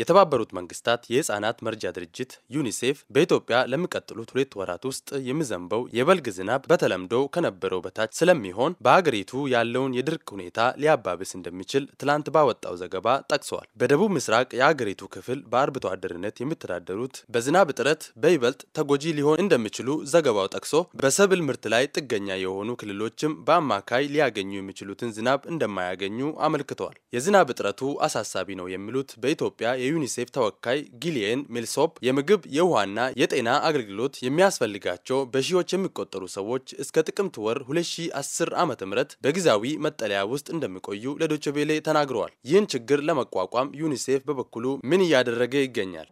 የተባበሩት መንግስታት የህፃናት መርጃ ድርጅት ዩኒሴፍ በኢትዮጵያ ለሚቀጥሉት ሁለት ወራት ውስጥ የሚዘንበው የበልግ ዝናብ በተለምዶ ከነበረው በታች ስለሚሆን በሀገሪቱ ያለውን የድርቅ ሁኔታ ሊያባብስ እንደሚችል ትላንት ባወጣው ዘገባ ጠቅሰዋል። በደቡብ ምስራቅ የሀገሪቱ ክፍል በአርብቶ አደርነት የሚተዳደሩት በዝናብ እጥረት በይበልጥ ተጎጂ ሊሆን እንደሚችሉ ዘገባው ጠቅሶ በሰብል ምርት ላይ ጥገኛ የሆኑ ክልሎችም በአማካይ ሊያገኙ የሚችሉትን ዝናብ እንደማያገኙ አመልክተዋል። የዝናብ እጥረቱ አሳሳቢ ነው የሚሉት በኢትዮጵያ የዩኒሴፍ ተወካይ ጊሊየን ሚልሶፕ የምግብ የውሃና የጤና አገልግሎት የሚያስፈልጋቸው በሺዎች የሚቆጠሩ ሰዎች እስከ ጥቅምት ወር 2010 ዓ ም በጊዜያዊ መጠለያ ውስጥ እንደሚቆዩ ለዶችቬሌ ተናግረዋል። ይህን ችግር ለመቋቋም ዩኒሴፍ በበኩሉ ምን እያደረገ ይገኛል?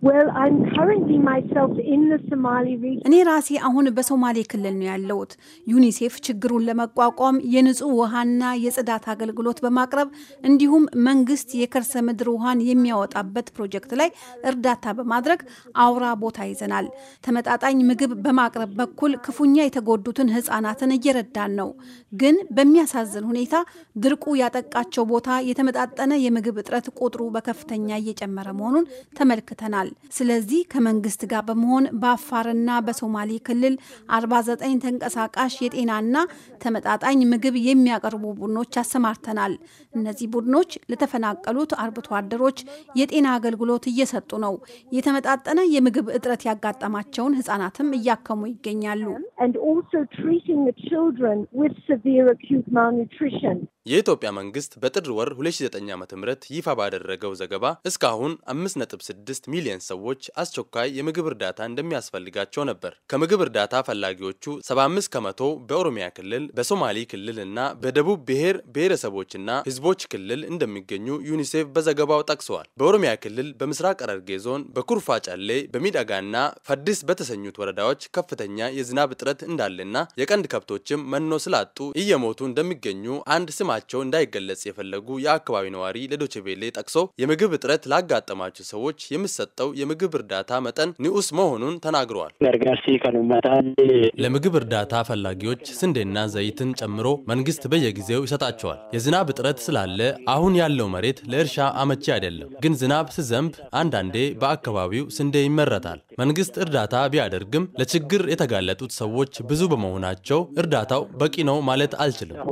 እኔ ራሴ አሁን በሶማሌ ክልል ነው ያለሁት። ዩኒሴፍ ችግሩን ለመቋቋም የንጹህ ውሃና የጽዳት አገልግሎት በማቅረብ እንዲሁም መንግስት የከርሰ ምድር ውሃን የሚያወጣበት ፕሮ ፕሮጀክት ላይ እርዳታ በማድረግ አውራ ቦታ ይዘናል። ተመጣጣኝ ምግብ በማቅረብ በኩል ክፉኛ የተጎዱትን ህጻናትን እየረዳን ነው። ግን በሚያሳዝን ሁኔታ ድርቁ ያጠቃቸው ቦታ የተመጣጠነ የምግብ እጥረት ቁጥሩ በከፍተኛ እየጨመረ መሆኑን ተመልክተናል። ስለዚህ ከመንግስት ጋር በመሆን በአፋርና በሶማሌ ክልል 49 ተንቀሳቃሽ የጤናና ተመጣጣኝ ምግብ የሚያቀርቡ ቡድኖች አሰማርተናል። እነዚህ ቡድኖች ለተፈናቀሉት አርብቶ አደሮች የጤና አገልግሎት እየሰጡ ነው። የተመጣጠነ የምግብ እጥረት ያጋጠማቸውን ህጻናትም እያከሙ ይገኛሉ። የኢትዮጵያ መንግስት በጥር ወር 2009 ዓ.ም ይፋ ባደረገው ዘገባ እስካሁን 5.6 ሚሊዮን ሰዎች አስቸኳይ የምግብ እርዳታ እንደሚያስፈልጋቸው ነበር። ከምግብ እርዳታ ፈላጊዎቹ 75 ከመቶ በኦሮሚያ ክልል፣ በሶማሌ ክልል እና በደቡብ ብሔር ብሔረሰቦችና ህዝቦች ክልል እንደሚገኙ ዩኒሴፍ በዘገባው ጠቅሰዋል። በኦሮሚያ ክልል በምስራቅ ሐረርጌ ዞን በኩርፋ ጫሌ፣ በሚዳጋና ፈዲስ በተሰኙት ወረዳዎች ከፍተኛ የዝናብ እጥረት እንዳለና የቀንድ ከብቶችም መኖ ስላጡ እየሞቱ እንደሚገኙ አንድ ስማ ስማቸው እንዳይገለጽ የፈለጉ የአካባቢ ነዋሪ ለዶችቬሌ ጠቅሶ የምግብ እጥረት ላጋጠማቸው ሰዎች የሚሰጠው የምግብ እርዳታ መጠን ንዑስ መሆኑን ተናግረዋል። ለምግብ እርዳታ ፈላጊዎች ስንዴና ዘይትን ጨምሮ መንግስት በየጊዜው ይሰጣቸዋል። የዝናብ እጥረት ስላለ አሁን ያለው መሬት ለእርሻ አመቺ አይደለም። ግን ዝናብ ስዘንብ አንዳንዴ በአካባቢው ስንዴ ይመረታል። መንግስት እርዳታ ቢያደርግም ለችግር የተጋለጡት ሰዎች ብዙ በመሆናቸው እርዳታው በቂ ነው ማለት አልችልም።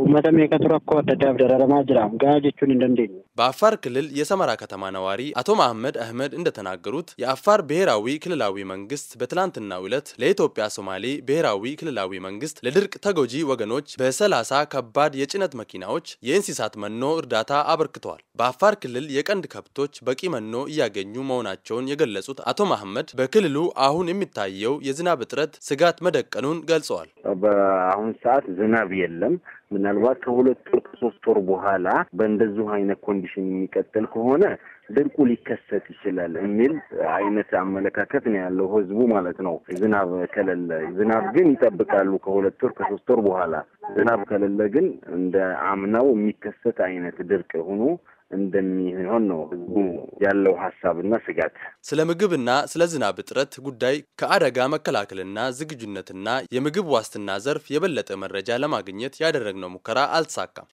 በአፋር ክልል የሰመራ ከተማ ነዋሪ አቶ መሐመድ አህመድ እንደተናገሩት የአፋር ብሔራዊ ክልላዊ መንግስት በትላንትናው ዕለት ለኢትዮጵያ ሶማሌ ብሔራዊ ክልላዊ መንግስት ለድርቅ ተጎጂ ወገኖች በሰላሳ ከባድ የጭነት መኪናዎች የእንስሳት መኖ እርዳታ አበርክተዋል። በአፋር ክልል የቀንድ ከብቶች በቂ መኖ እያገኙ መሆናቸውን የገለጹት አቶ መሐመድ በክልሉ አሁን የሚታየው የዝናብ እጥረት ስጋት መደቀኑን ገልጸዋል። በአሁን ሰዓት ዝናብ የለም። ምናልባት ከሁለት ወር ከሶስት ወር በኋላ በእንደዚሁ አይነት ኮንዲሽን የሚቀጥል ከሆነ ድርቁ ሊከሰት ይችላል የሚል አይነት አመለካከት ነው ያለው ህዝቡ ማለት ነው። ዝናብ ከሌለ ዝናብ ግን ይጠብቃሉ። ከሁለት ወር ከሶስት ወር በኋላ ዝናብ ከሌለ ግን እንደ አምናው የሚከሰት አይነት ድርቅ ሆኖ እንደሚሆን ነው ህዝቡ ያለው ሀሳብና ስጋት። ስለ ምግብና ስለ ዝናብ እጥረት ጉዳይ ከአደጋ መከላከልና ዝግጁነትና የምግብ ዋስ ዋስትና ዘርፍ የበለጠ መረጃ ለማግኘት ያደረግነው ሙከራ አልተሳካም።